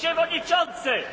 przewodniczący!